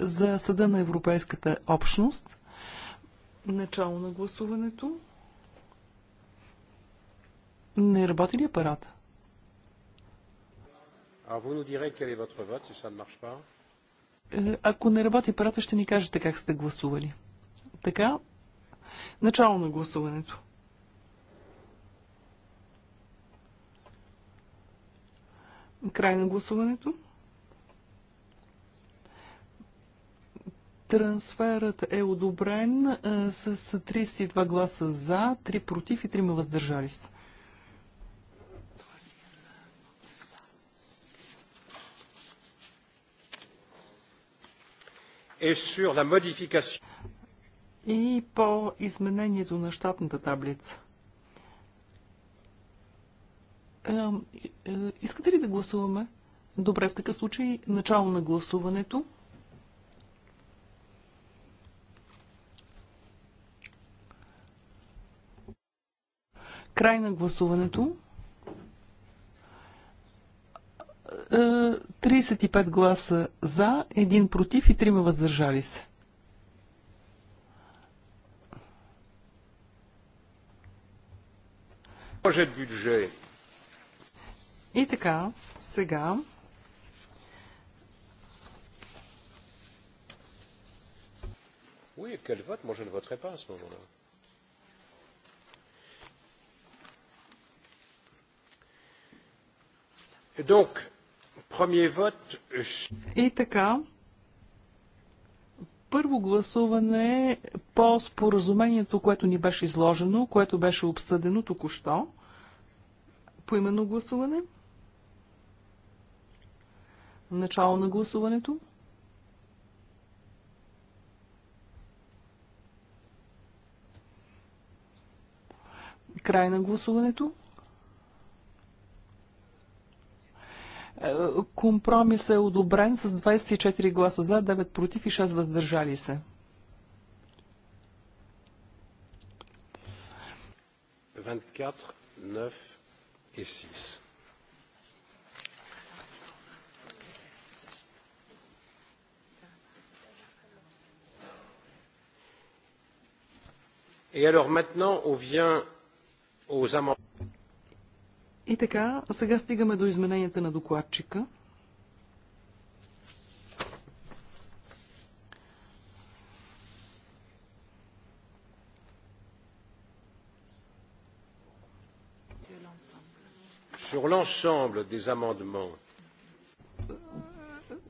за Съда на Европейската общност. Начало на гласуването. Не работи ли апарата? Е, ако не работи апарата, ще ни кажете как сте гласували. Така, начало на гласуването. Край на гласуването. Трансферът е одобрен с 32 гласа за, 3 против и 3 въздържали се. И по изменението на щатната таблица. Е, е, искате ли да гласуваме? Добре, в такъв случай начало на гласуването. Край на гласуването. 35 е, гласа за, 1 против и 3 въздържали се. И така, сега Oui, quel vote Moi, je ne voterai pas à ce moment-là. И така, първо гласуване по споразумението, което ни беше изложено, което беше обсъдено току-що. Поименно гласуване. Начало на гласуването. Край на гласуването. Компромис е одобрен с 24 гласа за, 9 против и 6 въздържали се. Vingt-quatre, neuf et six. Et alors maintenant, on vient aux amendements. И така, сега стигаме до измененията на докладчика. Sur l'ensemble des amendements.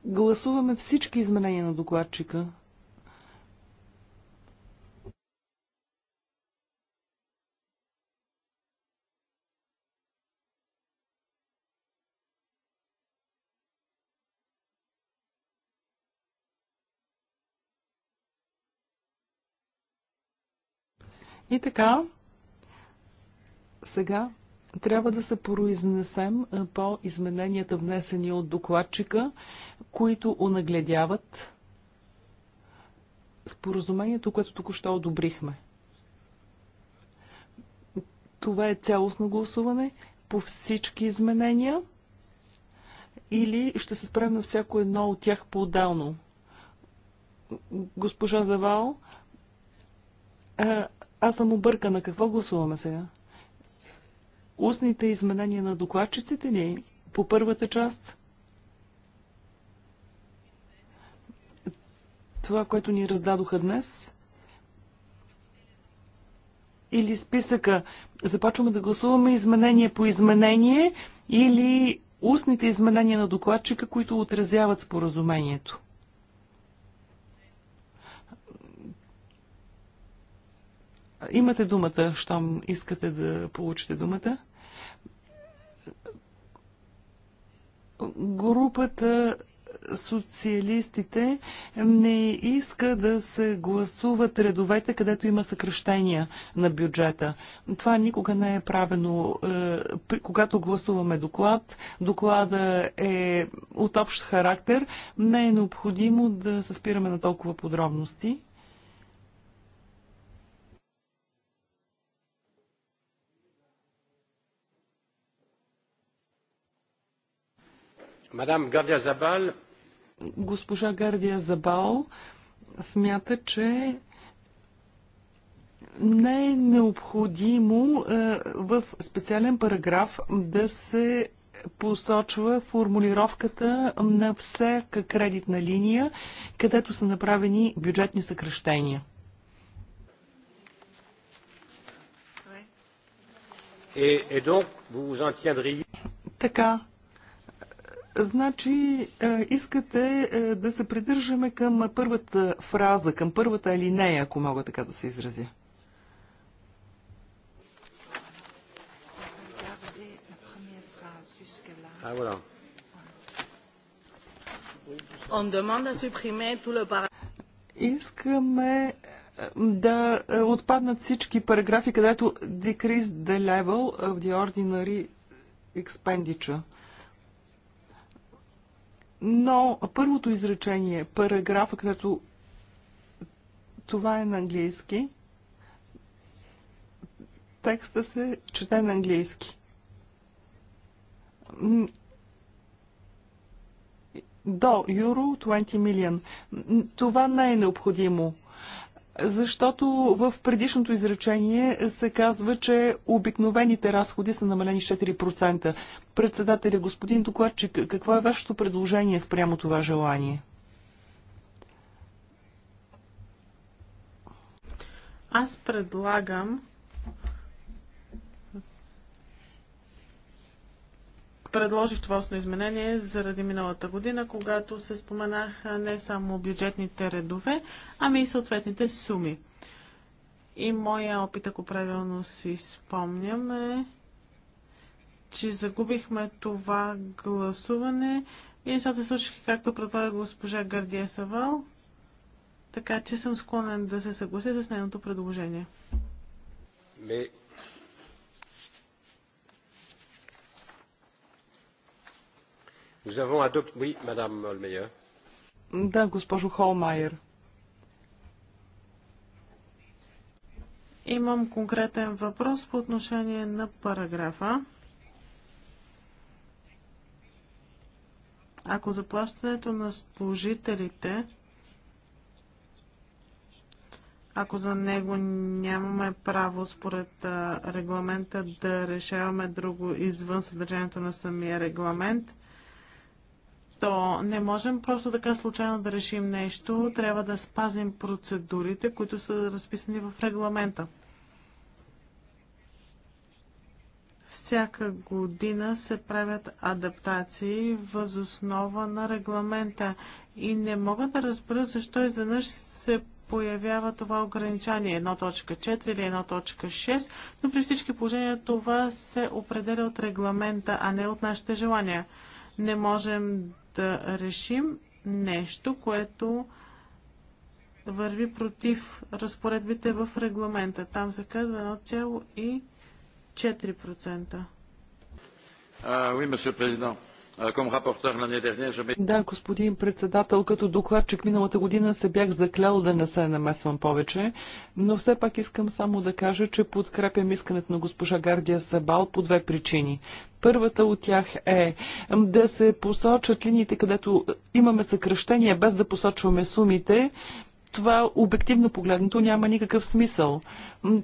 Гласуваме всички изменения на докладчика. И така, сега трябва да се произнесем по измененията внесени от докладчика, които онагледяват споразумението, което току-що одобрихме. Това е цялостно гласуване по всички изменения или ще се спрем на всяко едно от тях по-отдално. Госпожа Завал, аз съм объркана. Какво гласуваме сега? Устните изменения на докладчиците ни по първата част? Това, което ни раздадоха днес? Или списъка? Започваме да гласуваме изменение по изменение или устните изменения на докладчика, които отразяват споразумението? Имате думата, щом искате да получите думата. Групата социалистите не иска да се гласуват редовете, където има съкръщения на бюджета. Това никога не е правено. Е, когато гласуваме доклад, доклада е от общ характер. Не е необходимо да се спираме на толкова подробности. Мадам Гардия Забал. Госпожа Гардия Забал смята, че не е необходимо е, в специален параграф да се посочва формулировката на всяка кредитна линия, където са направени бюджетни съкръщения. Така, Значи, е, искате е, да се придържаме към първата фраза, към първата алинея, ако мога така да се изразя. Ah, Искаме е, да отпаднат всички параграфи, където decrease the level of the ordinary expenditure. Но първото изречение, параграфа, където това е на английски, текста се чете на английски. До юро 20 милион. Това не е необходимо защото в предишното изречение се казва, че обикновените разходи са намалени 4%. Председателя, господин докладчик, какво е вашето предложение спрямо това желание? Аз предлагам предложих това основно изменение заради миналата година, когато се споменаха не само бюджетните редове, ами и съответните суми. И моя опит, ако правилно си спомням, е че загубихме това гласуване и нещата случиха както предлага госпожа Гардия Савал, така че съм склонен да се съглася с нейното предложение. Ме... Да, госпожо Холмайер. Имам конкретен въпрос по отношение на параграфа. Ако заплащането на служителите, ако за него нямаме право според регламента да решаваме друго извън съдържанието на самия регламент, то не можем просто така случайно да решим нещо. Трябва да спазим процедурите, които са разписани в регламента. Всяка година се правят адаптации въз основа на регламента и не мога да разбера защо изведнъж се появява това ограничение 1.4 или 1.6, но при всички положения това се определя от регламента, а не от нашите желания. Не можем да решим нещо, което върви против разпоредбите в регламента. Там се казва и. 4%. Да, господин председател, като докладчик миналата година се бях заклял да не се намесвам повече, но все пак искам само да кажа, че подкрепям искането на госпожа Гардия Сабал по две причини. Първата от тях е да се посочат линиите, където имаме съкръщения, без да посочваме сумите, това обективно погледнато няма никакъв смисъл.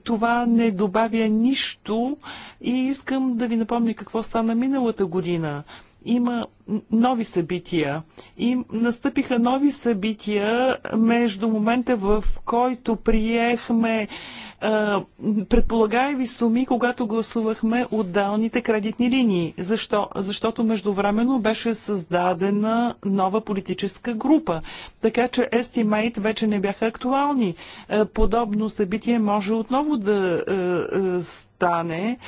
Това не добавя нищо и искам да ви напомня какво стана миналата година. Има нови събития. И настъпиха нови събития между момента, в който приехме предполагаеви суми, когато гласувахме отдалните кредитни линии. Защо? Защото междувременно беше създадена нова политическа група. Така че Estimate вече не бяха актуални. Подобно събитие може отново да стане.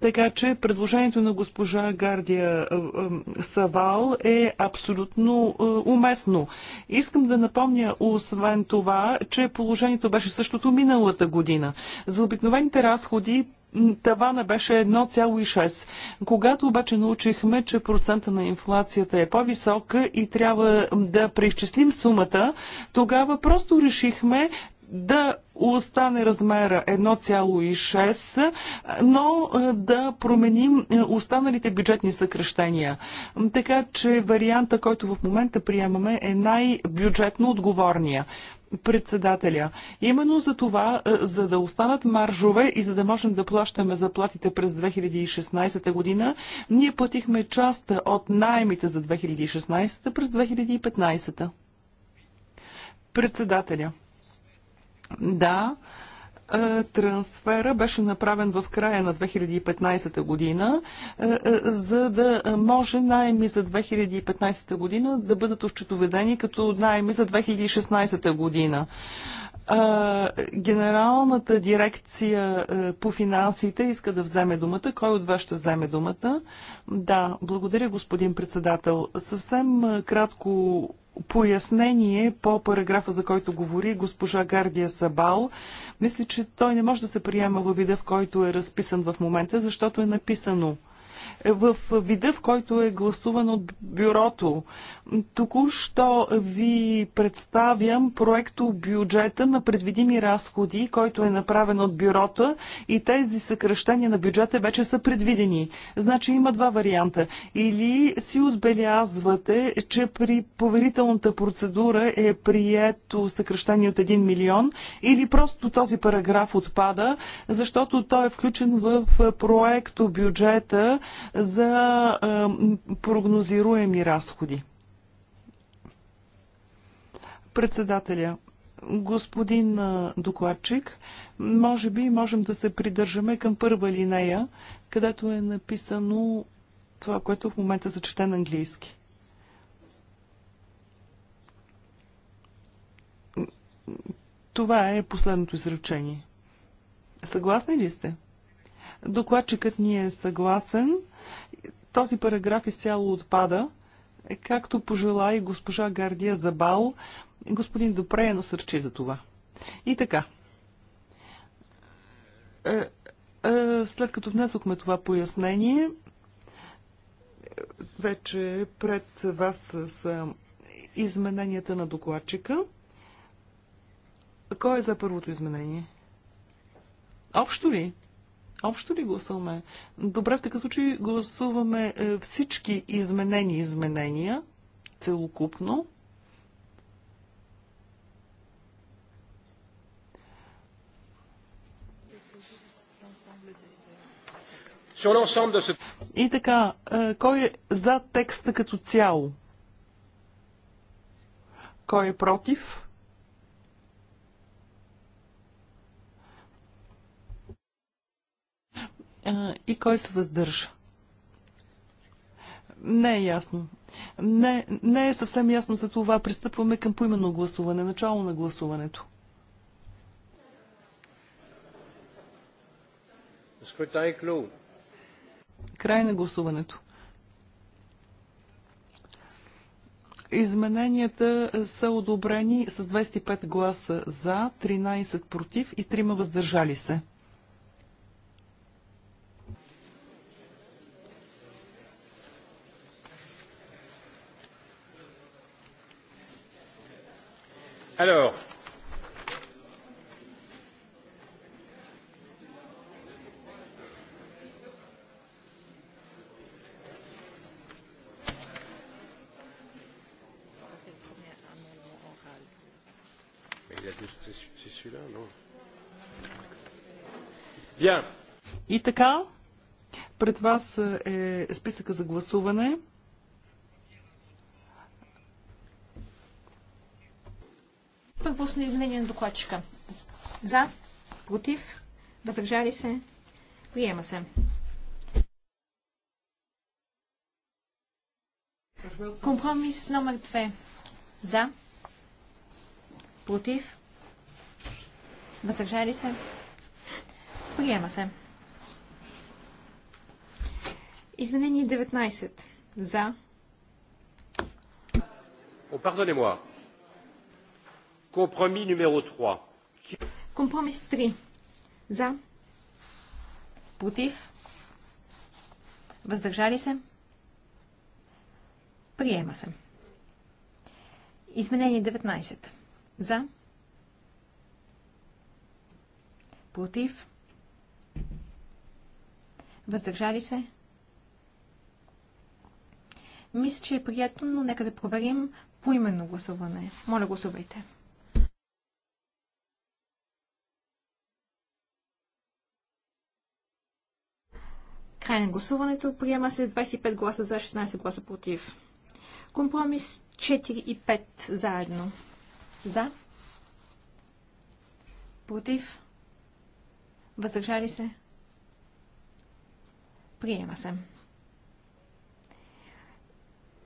Така че предложението на госпожа Гардия Савал е абсолютно е, уместно. Искам да напомня, освен това, че положението беше същото миналата година. За обикновените разходи тавана беше 1,6. Когато обаче научихме, че процента на инфлацията е по-висока и трябва да преизчислим сумата, тогава просто решихме, да остане размера 1,6, но е, да променим е, останалите бюджетни съкрещения. Така че варианта, който в момента приемаме, е най-бюджетно отговорния председателя. Именно за това, е, за да останат маржове и за да можем да плащаме заплатите през 2016 година, ние платихме част от найемите за 2016 през 2015. Председателя. Да, е, трансфера беше направен в края на 2015 година, е, е, за да може найеми за 2015 година да бъдат ощетоведени като найеми за 2016 година. Генералната дирекция по финансите иска да вземе думата. Кой от вас ще вземе думата? Да, благодаря, господин председател. Съвсем кратко пояснение по параграфа, за който говори госпожа Гардия Сабал. Мисля, че той не може да се приема във вида, в който е разписан в момента, защото е написано – в вида, в който е гласуван от бюрото. Току-що ви представям проекто бюджета на предвидими разходи, който е направен от бюрото и тези съкръщения на бюджета вече са предвидени. Значи има два варианта. Или си отбелязвате, че при поверителната процедура е прието съкръщение от 1 милион, или просто този параграф отпада, защото той е включен в проекто бюджета за прогнозируеми разходи. Председателя, господин докладчик, може би можем да се придържаме към първа линея, където е написано това, което в момента зачете на английски. Това е последното изречение. Съгласни ли сте? Докладчикът ни е съгласен. Този параграф изцяло отпада, както пожела и госпожа Гардия Забал. Господин Допре е насърчи за това. И така. Е, е, след като внесохме това пояснение, вече пред вас са измененията на докладчика. Кой е за първото изменение? Общо ли? Общо ли гласуваме? Добре, в такъв случай гласуваме е, всички изменени изменения целокупно. И така, е, кой е за текста като цяло? Кой е против? и кой се въздържа? Не е ясно. Не, не е съвсем ясно за това. Пристъпваме към поименно гласуване, начало на гласуването. Е Край на гласуването. Измененията са одобрени с 25 гласа за, 13 против и 3 въздържали се. Alors, пред вас е списъка за гласуване. устно мнение на докладчика. За, против, въздържали се, приема се. Компромис номер 2. За, против, въздържали се, приема се. Изменение 19. За. Oh, pardonnez Compromis numéro 3. Компромис 3. За. Против. Въздържали се. Приема се. Изменение 19. За. Против. Въздържали се. Мисля, че е приятно, но нека да проверим поименно гласуване. Моля, гласувайте. Край на гласуването приема се 25 гласа за, 16 гласа против. Компромис 4 и 5 заедно. За. Против. Въздържали се. Приема се.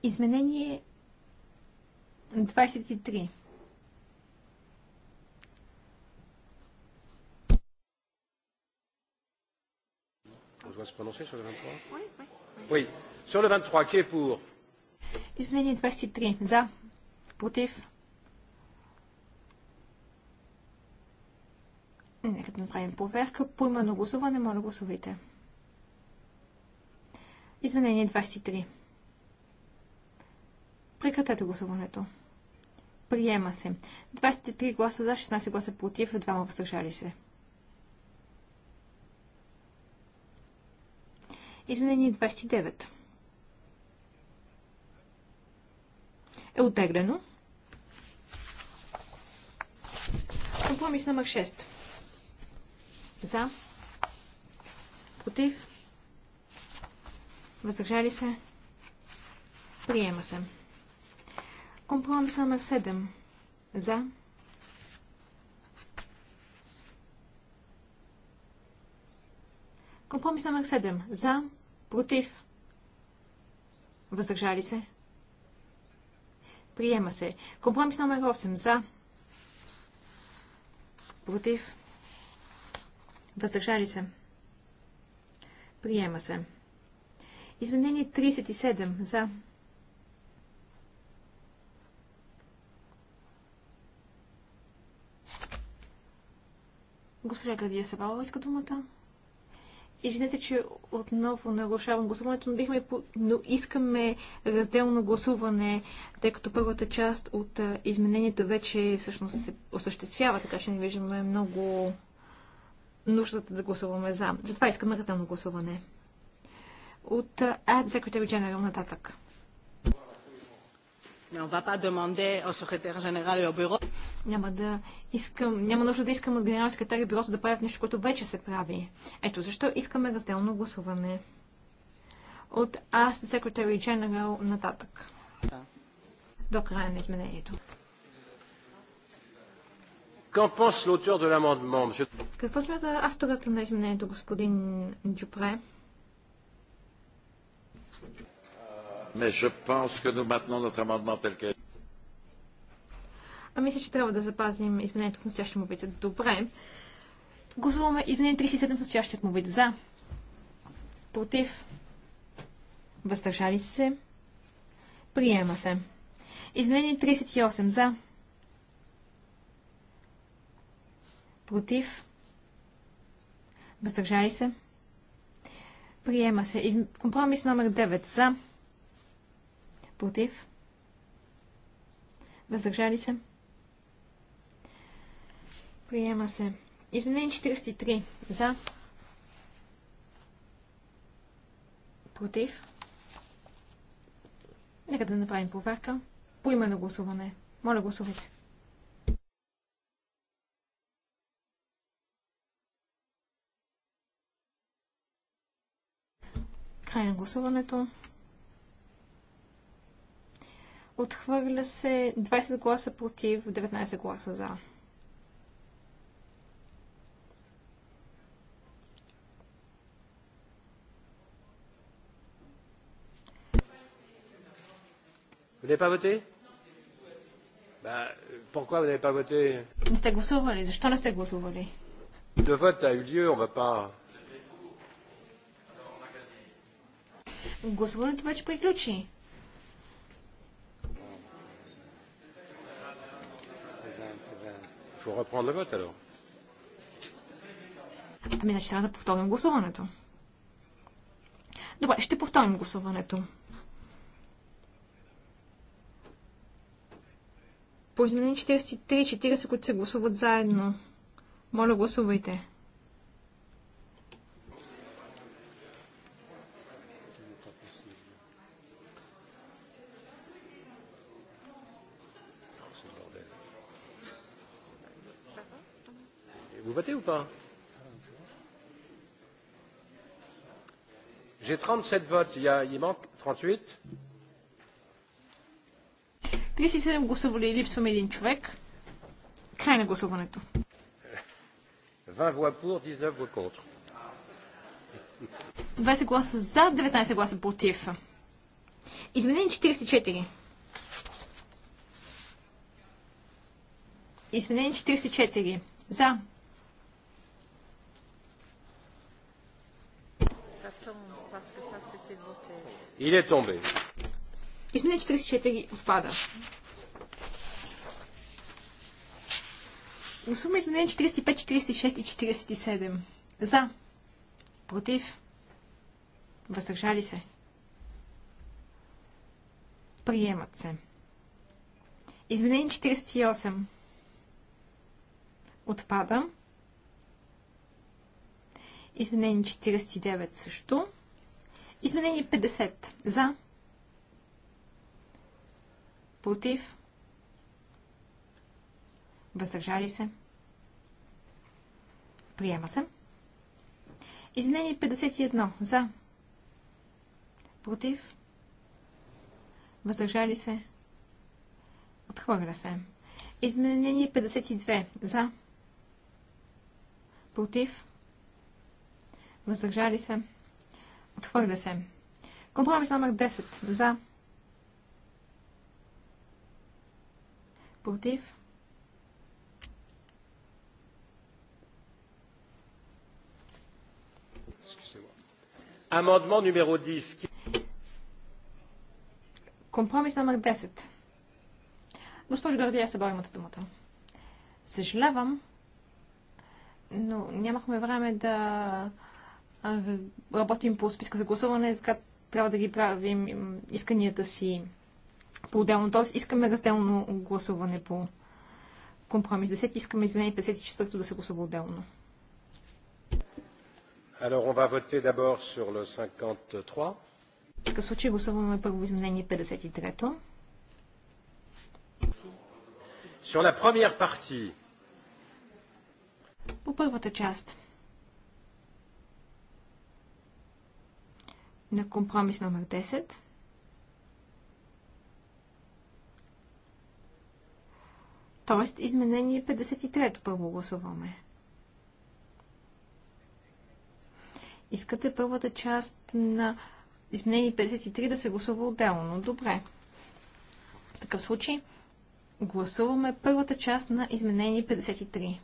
Изменение 23. doit se prononcer sur le 23 Oui, oui. Oui. Sur le 23, qui est pour Изменение 23. За. Против. Нека да направим проверка. По именно гласуване, моля гласувайте. Изменение 23. Прекратете гласуването. Приема се. 23 гласа за, 16 гласа против, 2 въздържали се. Изменение 29 е отеглено. Компромис номер 6. За. Против. Въздържали се. Приема се. Компромис номер 7. За. Компромис номер 7. За, против, въздържали се. Приема се. Компромис номер 8. За, против, въздържали се. Приема се. Изменение 37. За. Госпожа Градия Сабалова иска думата. Извинете, че отново нарушавам гласуването, но, бихме, но искаме разделно гласуване, тъй като първата част от изменението вече всъщност се осъществява, така че не виждаме много нуждата да гласуваме за. Затова искаме разделно гласуване. От Ad Secretary General нататък. Няма да искам, няма нужда да искам от генерал секретар и бюрото да правят нещо, което вече се прави. Ето защо искаме разделно гласуване. От аз, секретари General нататък. До края на изменението. Какво смята авторът на изменението, господин Дюпре? Mais je pense que nous notre amendement tel quel. А мисля, че трябва да запазим изменението в настоящия му вид. Добре. Гласуваме изменение 37 в настоящият му вид. За. Против. Въздържали се. Приема се. Изменение 38. За. Против. Въздържали се. Приема се. Из... Компромис номер 9. За. Против. Въздържали се. Приема се. Изменение 43. За. Против. Нека да направим проверка. По име на гласуване. Моля, гласувайте. Край на гласуването. Отхвърля се 20 гласа против, 19 гласа за. Vous n'avez pas voté bah, Pourquoi vous n'avez pas voté Не сте гласували. Защо не сте гласували? Le vote a eu lieu, on va pas... Гласуването вече приключи. Faut reprendre le vote alors. Ами, значи трябва да повторим гласуването. Добре, ще повторим гласуването. По изменение 43 и 40, които се гласуват заедно. Моля, гласувайте. pas. J'ai 37 votes. Il, y a, il manque 38. 37 гласували. Липсваме един човек. Край на гласуването. 20 voix pour, 19 voix contre. 20 гласа за, 19 гласа против. Изменение 44. Изменение 44. За. tombe parce que ça c'était voté. Il est tombé. Измене 44 отпада. Гласуваме изменение 45, 46 и 47. За. Против. Въздържали се. Приемат се. Изменение 48. Отпада. Изменение 49 също. Изменение 50. За. Против. Въздържали се. Приема се. Изменение 51. За. Против. Въздържали се. Отхвърля се. Изменение 52. За. Против въздържали се, отхвърля се. Компромис номер 10 за, против, Amendement номер 10. Компромис номер 10. Госпожо Гардия Сабор, имате думата. Съжалявам, но нямахме време да работим по списка за гласуване, така трябва да ги правим исканията си по-отделно. Тоест искаме разделно гласуване по компромис 10, искаме изменение 54 да се гласува отделно. Alors on va voter d'abord sur le 53. случай гласуваме първо изменение 53-то. Sur la première partie. По първата част. на компромис номер 10. Тоест, изменение 53 първо гласуваме. Искате първата част на изменение 53 да се гласува отделно. Добре. В такъв случай гласуваме първата част на изменение 53.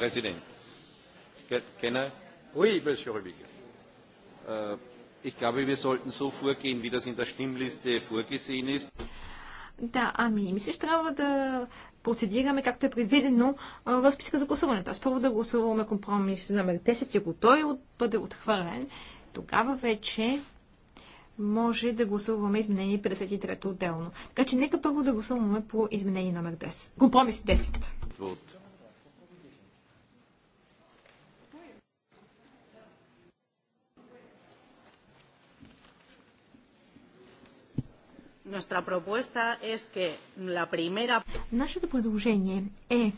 Präsident. Kenner? Oui, Monsieur Rubig. Äh, ich glaube, wir sollten so vorgehen, wie das in der Stimmliste vorgesehen ist. Да, ами, мисля, че трябва да процедираме както е предвидено в списка за гласуване. Тоест първо да гласуваме компромис номер 10 и ако той е бъде отхвърлен, тогава вече може да гласуваме изменение 53 отделно. Така че нека първо да гласуваме по изменение номер 10. Компромис 10. Нашето предложение е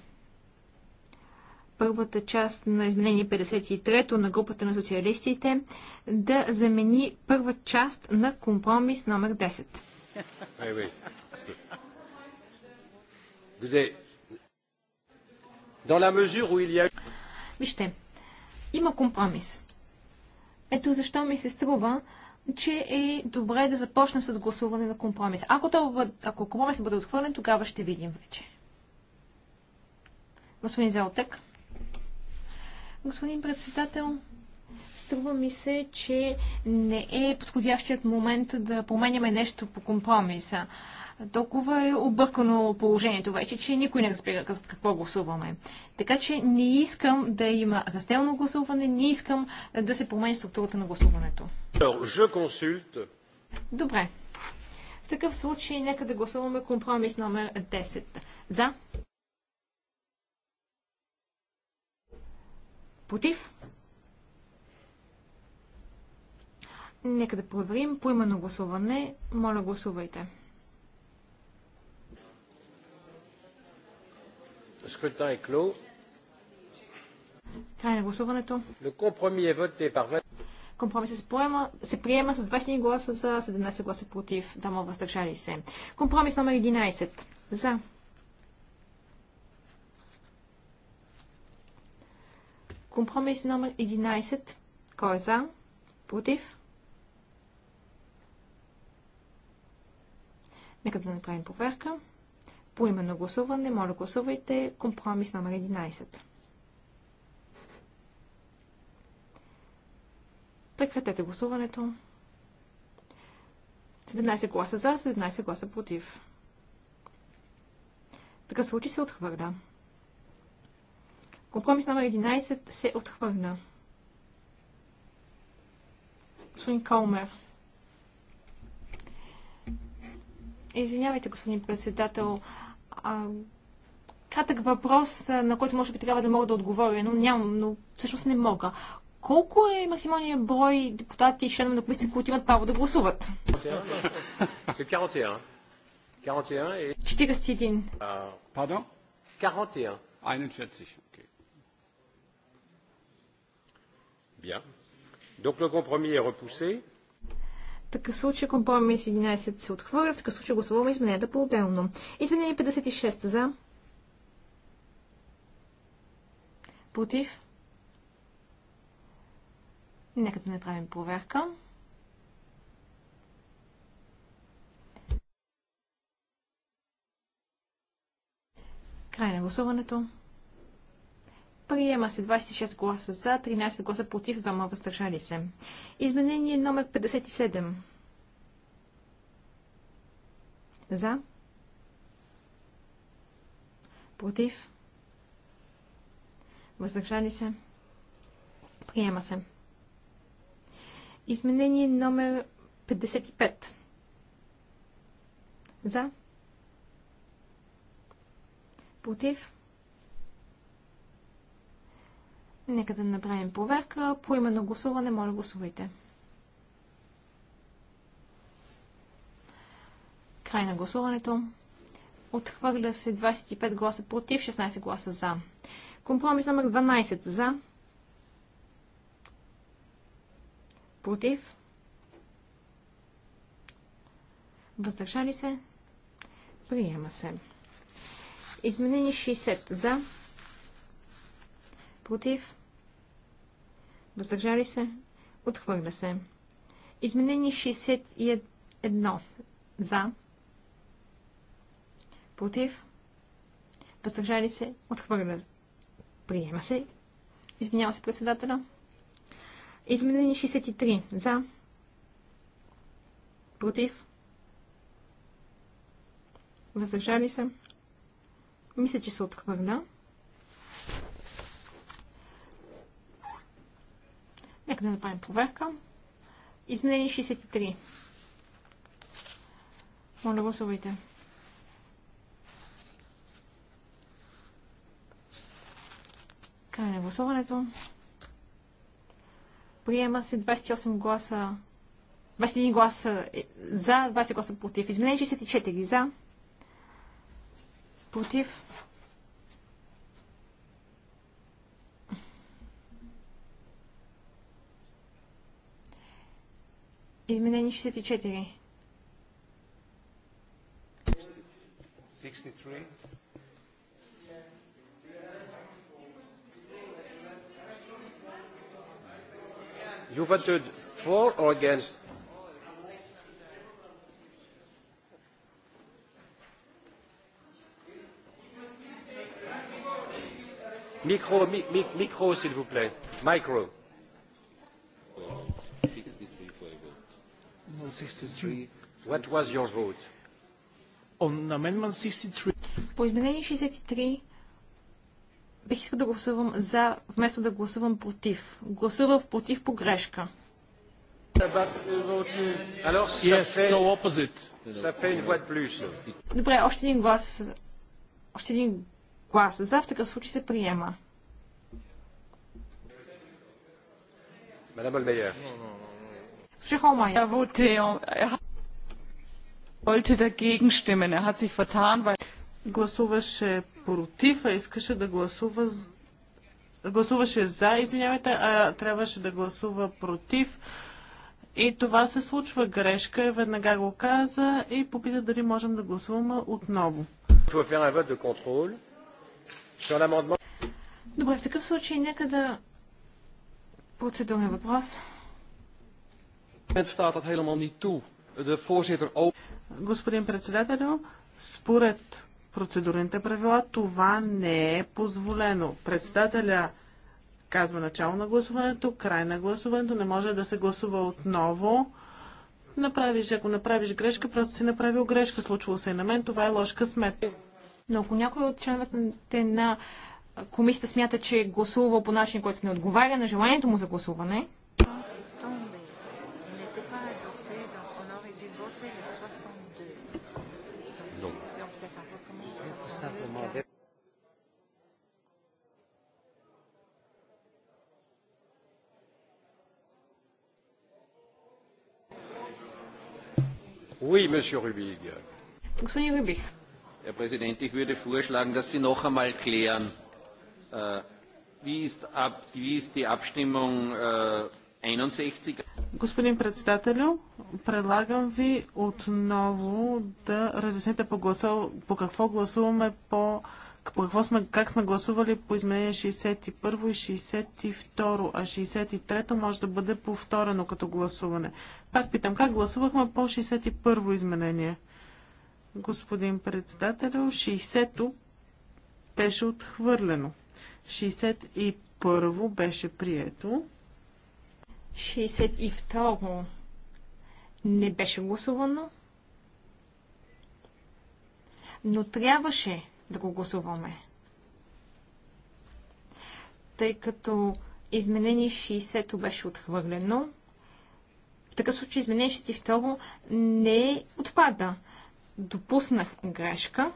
първата част на изменение 53 на групата на социалистите да замени първа част на компромис номер 10. Вижте, има компромис. Ето защо ми се струва, че е добре да започнем с гласуване на компромис. Ако, ако компромисът бъде отхвърлен, тогава ще видим вече. Господин Зелтък. Господин председател, струва ми се, че не е подходящият момент да променяме нещо по компромиса толкова е объркано положението вече, че никой не разбира какво гласуваме. Така че не искам да има разделно гласуване, не искам да се промени структурата на гласуването. Добре. В такъв случай нека да гласуваме компромис номер 10. За? Против? Нека да проверим по именно гласуване. Моля, гласувайте. Scrutin е clos. Край на гласуването. Компромисът се, се приема с 20 гласа за, 17 гласа против, дама въздържали се. Компромис номер 11. За. Компромис номер 11. Кой е за? Против? Нека да направим проверка. По именно гласуване, моля гласувайте компромис номер 11. Прекратете гласуването. 17 гласа за, 17 гласа против. Така случай се отхвърля. Компромис номер 11 се отхвърля. Господин Калмер. Извинявайте, господин председател. А, кратък въпрос, на който може би трябва да мога да отговоря, но нямам, но всъщност не мога. Колко е максималният брой депутати и членове на комисията, които имат право да гласуват? 41. 41. 41. 41. Bien. Donc le compromis est repoussé такъв случай компромис 11 се отхвърля, в такъв случай гласуваме измененията по-отделно. Изменение 56 за. Против. Нека да направим проверка. Край на гласуването. Приема се 26 гласа за, 13 гласа против, 2 въздържали се. Изменение номер 57. За. Против. Въздържали се. Приема се. Изменение номер 55. За. Против. Нека да направим проверка. По име на гласуване, моля гласувайте. Край на гласуването. Отхвърля се 25 гласа против, 16 гласа за. Компромис номер 12 за. Против. Въздържали се. Приема се. Изменени 60 за. Против. Въздържали се? Отхвърля се. Изменение 61. За. Против. Въздържали се? Отхвърля. Приема се. Извинява се председателя. Изменение 63. За. Против. Въздържали се? Мисля, че се отхвърля. да направим проверка. Изменение 63. Моля, гласувайте. Край на гласуването. Приема се 28 гласа 21 гласа е за, 20 гласа против. Изменение 64 за. Против. Изменени 64. 63. You voted for or against? Micro, mi, mi, micro, s'il vous plaît. Micro. 63. What was your vote? On amendment 63. По изменение 63 бих искал да гласувам за, вместо да гласувам против. в против по грешка. Добре, още един глас. Още един глас за, в такъв случай се приема. Мадам Albert. Non, non, non. Er er гласуваше против, а искаше да гласува... Гласуваше за, извинявайте, а трябваше да гласува против. И това се случва грешка, е, веднага го каза и попита дали можем да гласуваме отново. Добре, в такъв случай нека да процедурен въпрос. Господин председател, според процедурните правила това не е позволено. Председателя казва начало на гласуването, край на гласуването, не може да се гласува отново. Направиш, ако направиш грешка, просто си направил грешка. Случвало се и на мен, това е лош късмет. Но ако някой от членовете на комисията смята, че е гласувал по начин, който не отговаря на желанието му за гласуване, Herr Präsident, ich würde vorschlagen, dass Sie noch einmal klären, wie ist, die Abstimmung einundsechzig Господин председателю, предлагам ви отново да разясните по, какво гласуваме по какво сме, как сме гласували по изменение 61 и 62, а 63 може да бъде повторено като гласуване. Пак питам, как гласувахме по 61 изменение? Господин председател, 60-то беше отхвърлено. 61 во беше прието. 62 го не беше гласувано, но трябваше да го гласуваме. Тъй като изменение 60-то беше отхвърлено, в такъв случай изменение 62 не отпада. Допуснах грешка,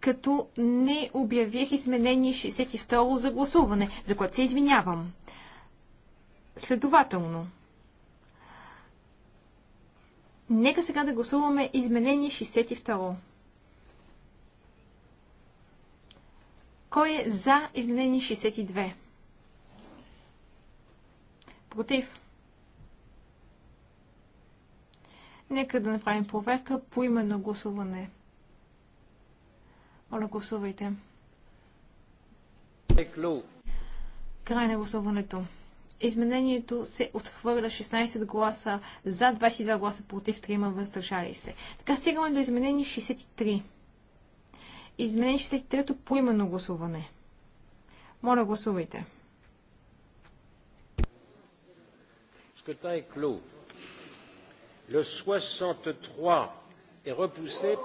като не обявих изменение 62 за гласуване, за което се извинявам. Следователно, нека сега да гласуваме изменение 62. Кой е за изменение 62? Против? Нека да направим проверка по именно гласуване. Моля, гласувайте. Край на гласуването. Изменението се отхвърля 16 гласа за, 22 гласа против, 3 въздържали се. Така стигаме до изменение 63. Изменение 63-то по именно гласуване. Моля, гласувайте. Скъта е Le 63 е repoussé.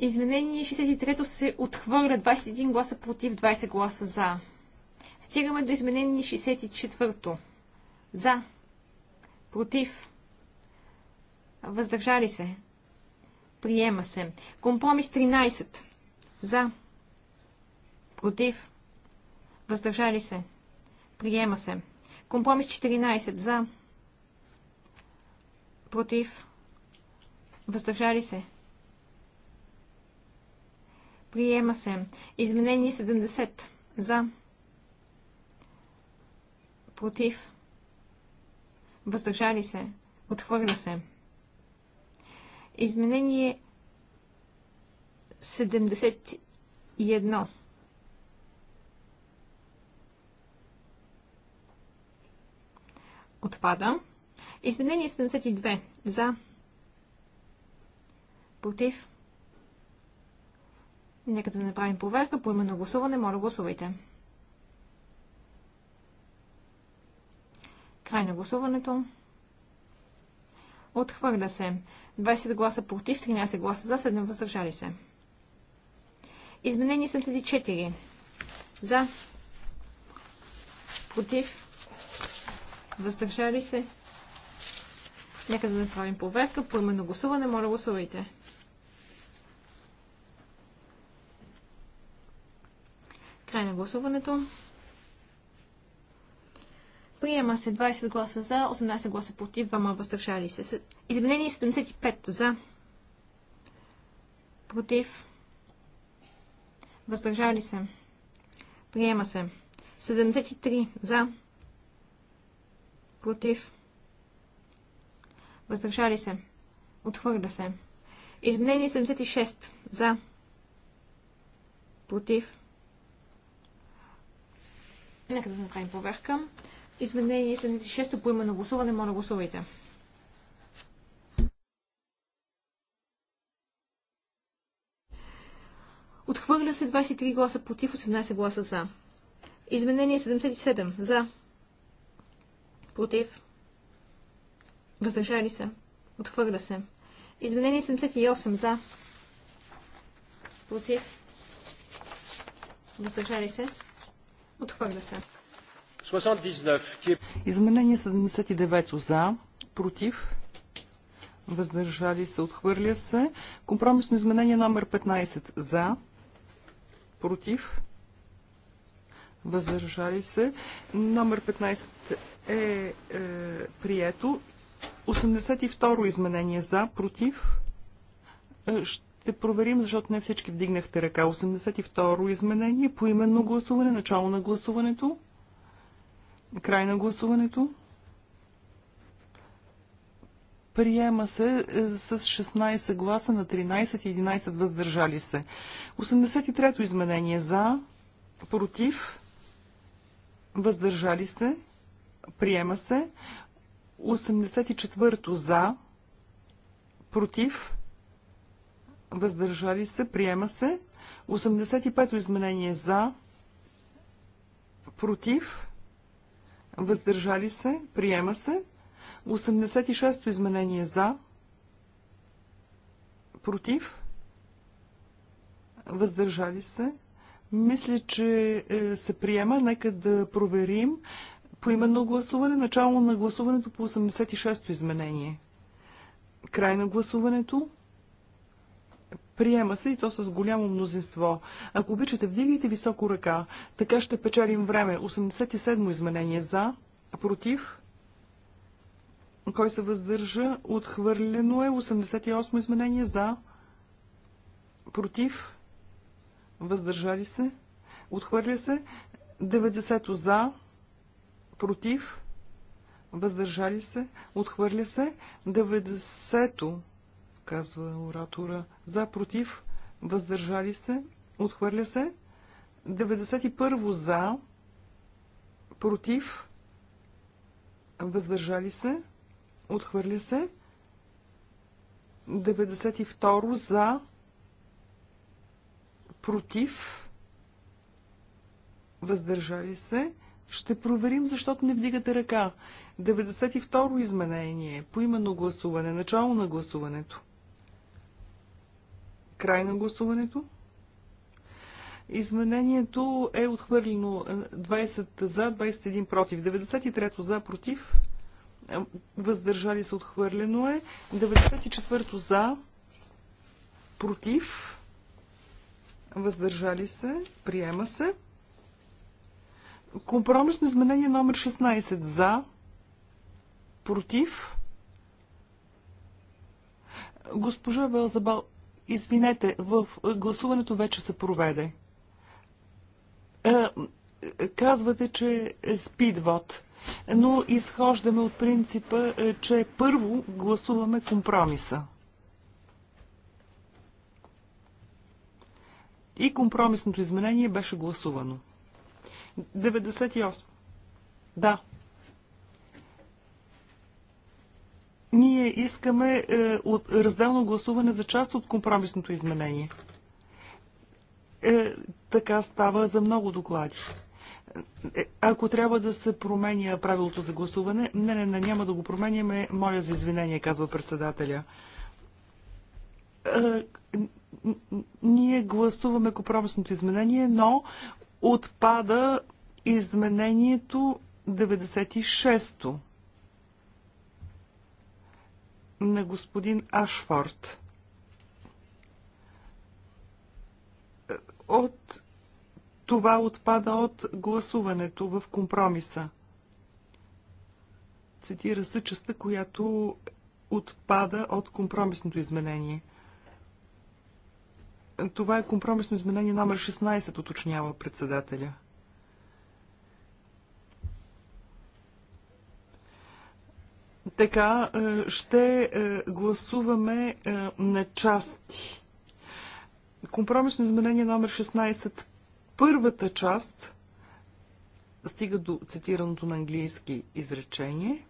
Изменение 63-то се отхвърля 21 гласа против, 20 гласа за. Стигаме до изменение 64-то. За. Против. Въздържали се. Приема се. Компромис 13. За. Против. Въздържали се. Приема се. Компромис 14. За. Против. Въздържали се. Приема се. Изменение 70. За. Против. Въздържали се. Отхвърля се. Изменение 71. Отпада. Изменение 72. За. Против. Нека да направим проверка по именно гласуване. Моля, гласувайте. Край на гласуването. Отхвърля се. 20 гласа против, 13 гласа за, 7 въздържали се. Изменение 74. За. Против. Въздържали се. Нека да направим проверка. По именно гласуване, моля гласувайте. Край на гласуването. Приема се 20 гласа за, 18 гласа против, 2 въздържали се. Изменение 75 за, против, въздържали се. Приема се 73 за, против, въздържали се. Отхвърля се. Изменение 76 за, против. Нека да направим проверка. Изменение 76 по именно гласуване. Моля гласувайте. Отхвърля се 23 гласа против, 18 гласа за. Изменение 77 за. Против. Въздържали се. Отхвърля се. Изменение 78 за. Против. Въздържали се. Отхвърля се. Е изменение 79 за, против, въздържали се, отхвърля се. Компромисно изменение номер 15 за, против, въздържали се. Номер 15 е, е прието. 82 изменение за, против. Е, ще проверим, защото не всички вдигнахте ръка. 82 изменение по именно гласуване, начало на гласуването. Край на гласуването. Приема се е, с 16 гласа на 13 и 11 въздържали се. 83-то изменение за, против, въздържали се, приема се. 84-то за, против, въздържали се, приема се. 85-то изменение за, против, въздържали се, приема се. 86-то изменение за, против, въздържали се. Мисля, че е, се приема. Нека да проверим по именно гласуване. Начало на гласуването по 86-то изменение. Край на гласуването. Приема се и то с голямо мнозинство. Ако обичате, вдигайте високо ръка. Така ще печелим време. 87 изменение за, против, кой се въздържа, отхвърлено е 88 изменение за, против, въздържали се, отхвърля се, 90 за, против, въздържали се, отхвърля се, 90 казва оратора. За, против, въздържали се, отхвърля се. 91 за, против, въздържали се, отхвърля се. 92 за, против, въздържали се. Ще проверим, защото не вдигате ръка. 92 изменение, поименно гласуване, начало на гласуването. Край на гласуването. Изменението е отхвърлено 20 е, за, 21 против, 93 за, против, е, въздържали се отхвърлено е, 94 за, против, въздържали се, приема се. Компромисно изменение номер 16 за, против, госпожа Велзабал Извинете, в гласуването вече се проведе. Е, казвате, че е спид вод, но изхождаме от принципа, е, че първо гласуваме компромиса. И компромисното изменение беше гласувано. 98. Да. Ние искаме е, от разделно гласуване за част от компромисното изменение. Е, така става за много доклади. Е, ако трябва да се променя правилото за гласуване, не, не, не, няма да го променяме. Моля за извинение, казва председателя. Е, ние гласуваме компромисното изменение, но отпада изменението 96-то на господин Ашфорд. От това отпада от гласуването в компромиса. Цитира се частта, която отпада от компромисното изменение. Това е компромисно изменение номер 16, уточнява председателя. Така е, ще е, гласуваме е, на части. Компромисно изменение номер 16. Първата част стига до цитираното на английски изречение.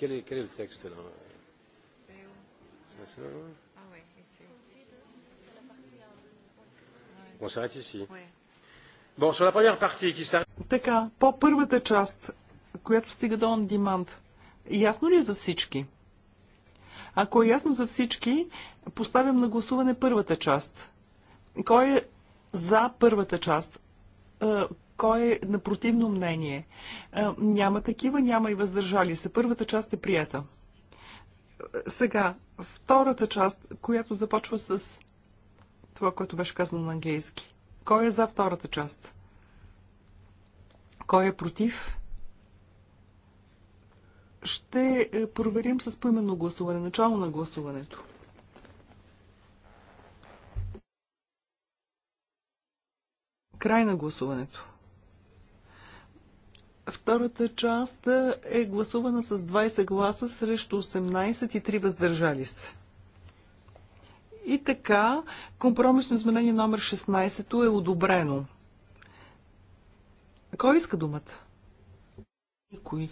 Къде е quel на? Ah bon, sur la première partie qui s'arrête. Така, по първата част, която стига до on demand, ясно ли е за всички? Ако е ясно за всички, поставям на гласуване първата част. Кой е за първата част? Е, кой е на противно мнение? Е, няма такива, няма и въздържали се. Първата част е прията. Сега, втората част, която започва с това, което беше казано на английски. Кой е за втората част? Кой е против? Ще е, проверим с поименно гласуване, начало на гласуването. Край на гласуването. Втората част е гласувана с 20 гласа срещу 18 и 3 въздържали се. И така, компромисно изменение номер 16 е одобрено. Кой иска думата? Никой.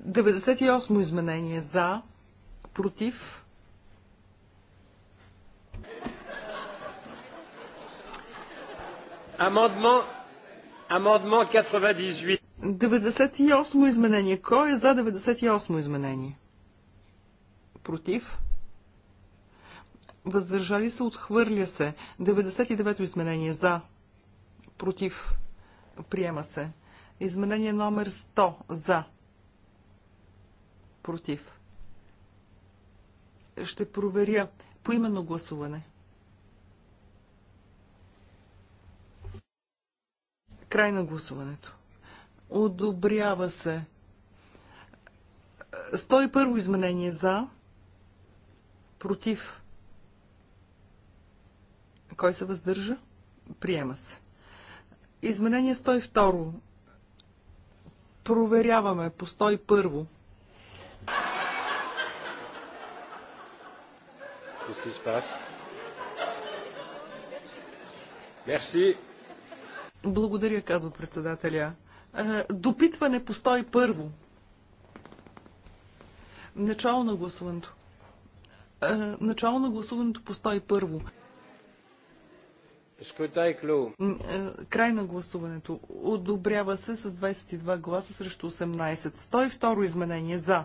98 изменение за, против. Амандмент, амандмент 98. 98 изменение. Кой е за 98 изменение? Против? Въздържали се, отхвърля се. 99 изменение за. Против. Приема се. Изменение номер 100. За. Против. Ще проверя поименно гласуване. Край на гласуването. Одобрява се. 101 изменение за. Против. Кой се въздържа? Приема се. Изменение 102. Проверяваме по 101. Qu'est-ce qui se passe Merci. Благодаря, казва председателя. Е, допитване по 101. Начало на гласуването. Е, начало на гласуването по 101. Е, край на гласуването. Одобрява се с 22 гласа срещу 18. 102 изменение за.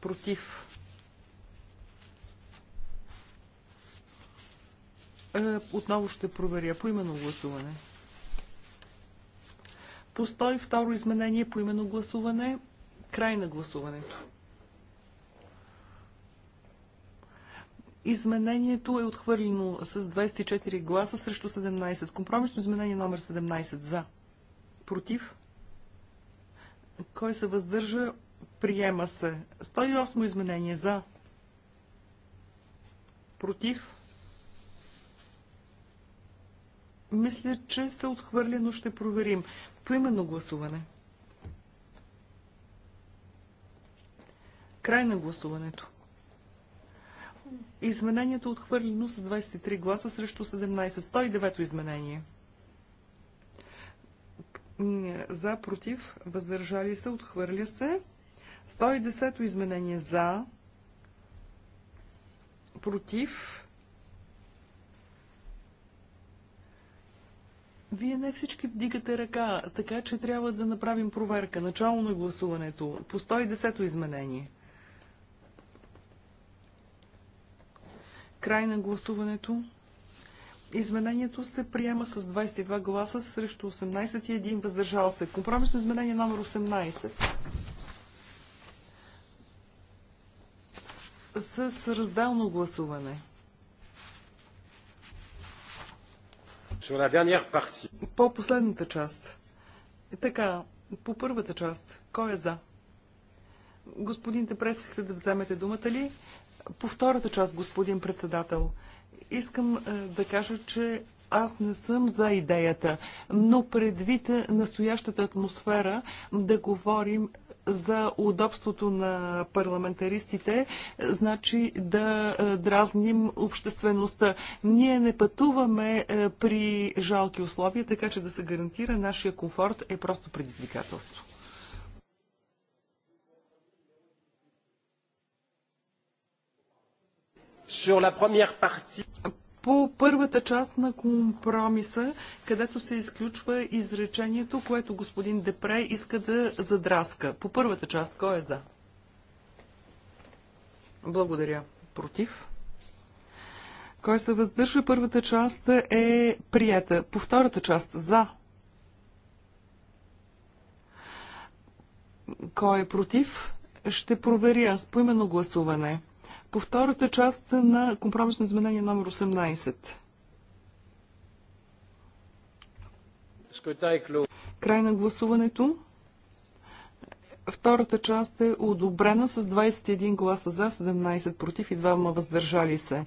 Против. Е, отново ще проверя по именно гласуване. По 102 изменение по именно гласуване. Край на гласуването. Изменението е отхвърлено с 24 гласа срещу 17. Компромисно изменение номер 17 за. Против. Кой се въздържа? Приема се. 108 изменение за. Против. Мисля, че се отхвърли, но ще проверим. Поименно гласуване. Край на гласуването. Изменението е отхвърлено с 23 гласа срещу 17. 109 изменение. За, против, въздържали се, отхвърля се. 110 изменение за, против. Вие не всички вдигате ръка, така че трябва да направим проверка. Начало на гласуването по 110 изменение. Край на гласуването. Изменението се приема с 22 гласа срещу 18 и 1 въздържал се. Компромисно изменение номер 18. С разделно гласуване. По последната част. Е, така, по първата част. Кой е за? Господин Тепрес, да вземете думата ли? По втората част, господин председател, искам е, да кажа, че аз не съм за идеята, но предвид настоящата атмосфера да говорим за удобството на парламентаристите, значи да е, дразним обществеността. Ние не пътуваме е, при жалки условия, така че да се гарантира нашия комфорт е просто предизвикателство. sur la première partie по първата част на компромиса, където се изключва изречението, което господин Депре иска да задраска. По първата част, кой е за? Благодаря. Против? Кой се въздържа? Първата част е прията. По втората част, за. Кой е против? Ще проверя с поименно гласуване по втората част на компромисно изменение номер 18. Край на гласуването. Втората част е одобрена с 21 гласа за, 17 против и 2 въздържали се.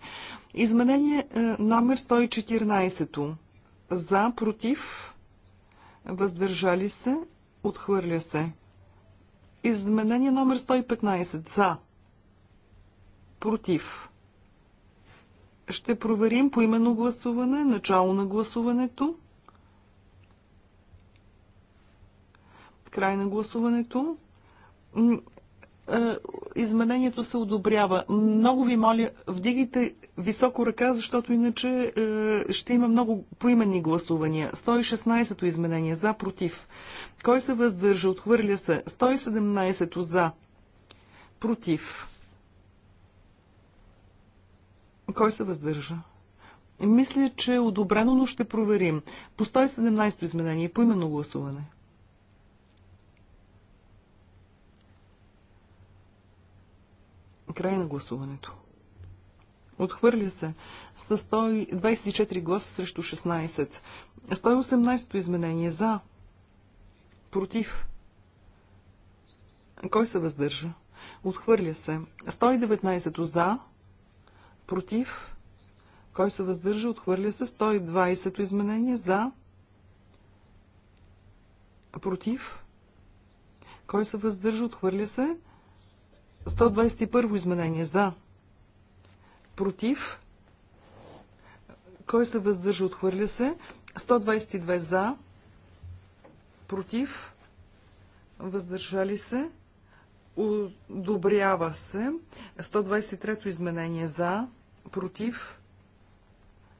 Изменение е, номер 114. За, против, въздържали се, отхвърля се. Изменение номер 115. За, Против. Ще проверим по именно гласуване, начало на гласуването. Край на гласуването. Изменението се одобрява. Много ви моля, вдигайте високо ръка, защото иначе ще има много поименни гласувания. 116-то изменение за, против. Кой се въздържа? Отхвърля се. 117-то за, против кой се въздържа? Мисля, че е одобрено, но ще проверим. По 117-то изменение, по именно гласуване. Край на гласуването. Отхвърля се с 124 гласа срещу 16. 118-то изменение за. Против. Кой се въздържа? Отхвърля се. 119-то за против, кой се въздържа, отхвърля се. 120-то изменение за, против, кой се въздържа, отхвърля се. 121 изменение за, против, кой се въздържа, отхвърля се. 122 за, против, въздържали се, одобрява се. 123-то изменение за, против.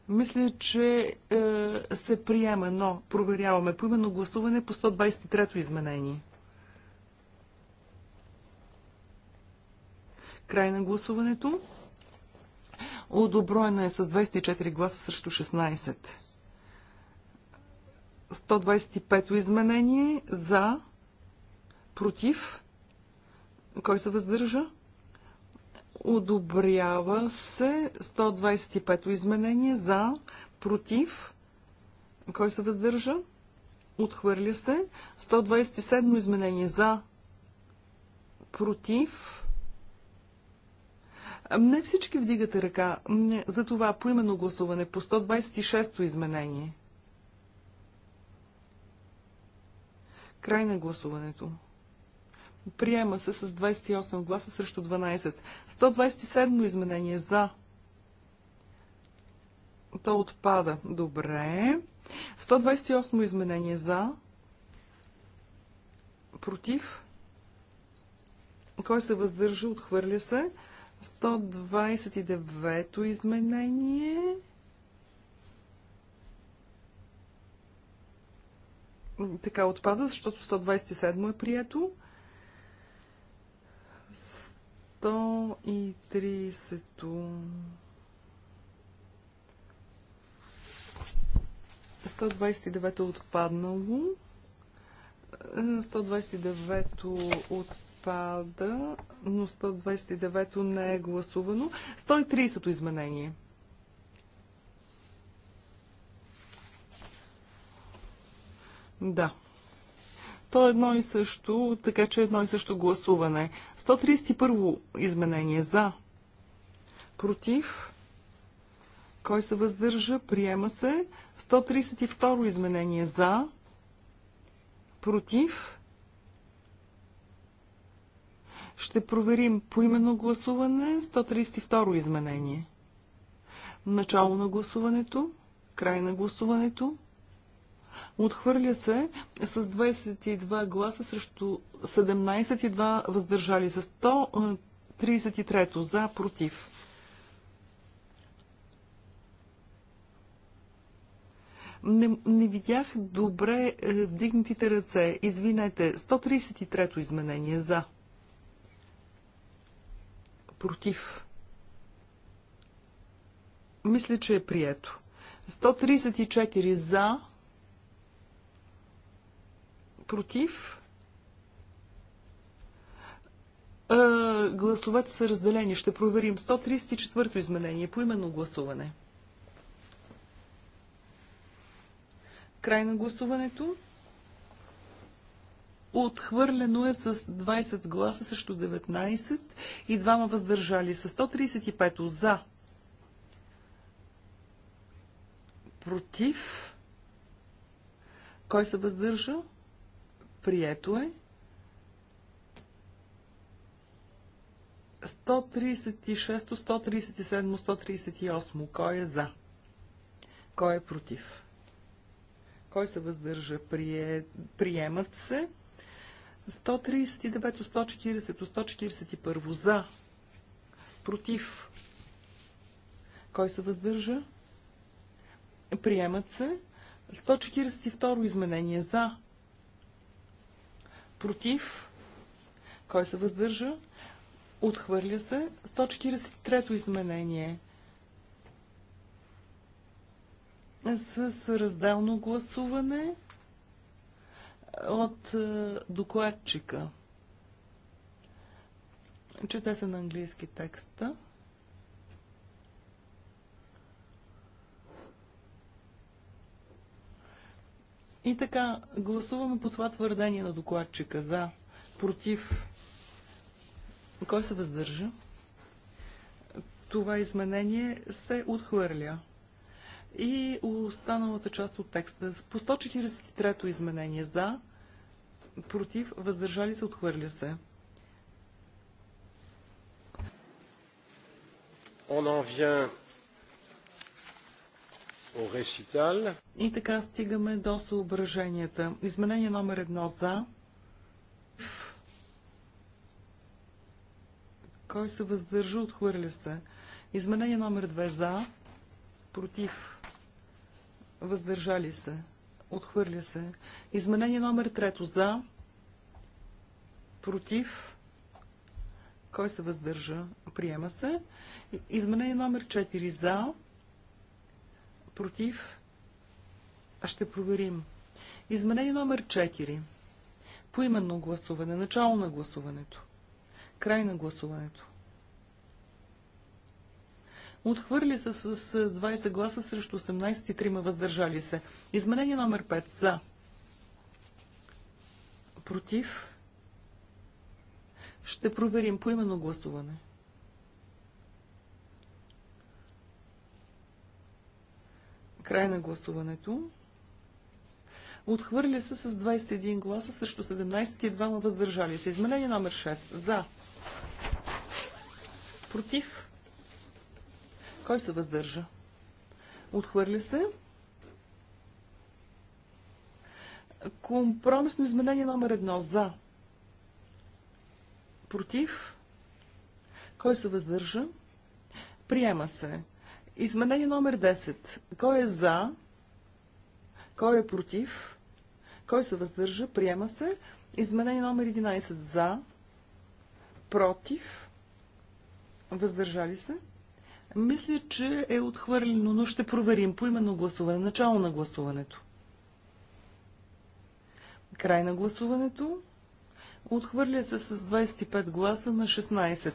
Мисля, че е, се приема, но проверяваме по именно гласуване по 123-то изменение. Край на гласуването. Одоброена е с 24 гласа срещу 16. 125-то изменение за, против, кой се въздържа? Одобрява се 125-то изменение за, против, кой се въздържа? Отхвърля се. 127 изменение за, против. Не всички вдигате ръка. За това поименно гласуване по 126-то изменение. Край на гласуването. Приема се с 28 гласа срещу 12. 127 изменение за. То отпада. Добре. 128 изменение за. Против. Кой се въздържа? Отхвърля се. 129 изменение. Така отпада, защото 127 е прието. 130 129-то отпаднало. 129-то е, отпада, но 129-то не е гласувано. 130-то изменение. Да. То е едно и също, така че е едно и също гласуване. 131 изменение за. Против. Кой се въздържа? Приема се. 132 изменение за. Против. Ще проверим по именно гласуване 132 изменение. Начало на гласуването, край на гласуването. Отхвърля се с 22 гласа срещу 17,2 въздържали се. 133 за против. Не, не видях добре вдигнатите е, ръце. Извинете, 133-то изменение за. Против. Мисля, че е прието. 134 за против. А, гласовете са разделени. Ще проверим 134-то изменение по именно гласуване. Край на гласуването. Отхвърлено е с 20 гласа срещу 19 и двама въздържали с 135 за. Против. Кой се въздържа? Прието е. 136, 137, 138. Кой е за? Кой е против? Кой се въздържа? Прие... Приемат се. 139, 140, 141. За. Против. Кой се въздържа? Приемат се. 142 изменение. За против, кой се въздържа, отхвърля се. 143-то изменение с разделно гласуване от е, докладчика. Чете се на английски текста. И така, гласуваме по това твърдение на докладчика. За, против, кой се въздържа? Това изменение се отхвърля. И останалата част от текста. По 143-то изменение за, против, въздържали се, отхвърля се. On en vient и така стигаме до съображенията. Изменение номер едно за. Кой се въздържа, отхвърля се. Изменение номер 2 за, против, въздържали се, отхвърля се. Изменение номер трето за, против, кой се въздържа, приема се. Изменение номер 4 за, Против? Ще проверим. Изменение номер 4. Поименно гласуване. Начало на гласуването. Край на гласуването. Отхвърли се с 20 гласа срещу 18 и 3 въздържали се. Изменение номер 5. За. Против. Ще проверим по именно гласуване. Край на гласуването. Отхвърля се с 21 гласа срещу 17 и 2 въздържали се. Изменение номер 6. За. Против. Кой се въздържа? Отхвърля се. Компромисно изменение номер 1. За. Против. Кой се въздържа? Приема се. Изменение номер 10. Кой е за? Кой е против? Кой се въздържа? Приема се. Изменение номер 11. За? Против? Въздържали се? Мисля, че е отхвърлено, но ще проверим по именно гласуване. Начало на гласуването. Край на гласуването. Отхвърля се с 25 гласа на 16.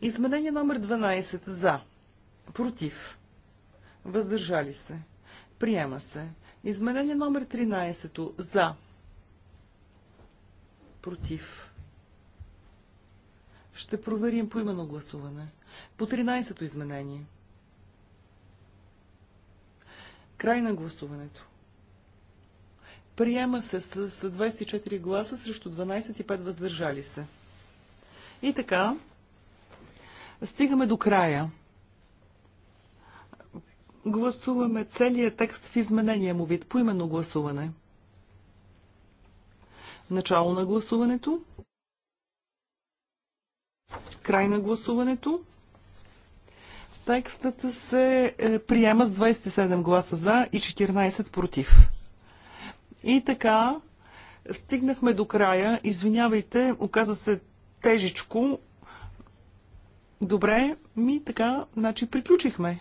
Изменение номер 12. За. Против. Въздържали се. Приема се. Изменение номер 13. За. Против. Ще проверим по именно гласуване. По 13-то изменение. Край на гласуването. Приема се с 24 гласа срещу 12 и 5 въздържали се. И така, стигаме до края. Гласуваме целият текст в изменения му вид, по именно гласуване. Начало на гласуването. Край на гласуването. Текстът се е, приема с 27 гласа за и 14 против. И така, стигнахме до края. Извинявайте, оказа се тежичко. Добре, ми така, значи приключихме.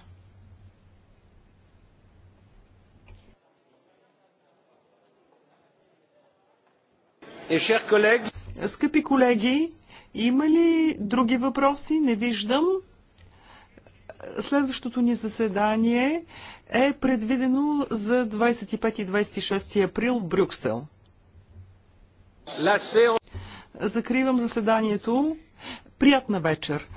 Скъпи колеги, има ли други въпроси? Не виждам. Следващото ни заседание е предвидено за 25 и 26 април в Брюксел. Закривам заседанието. Приятна вечер!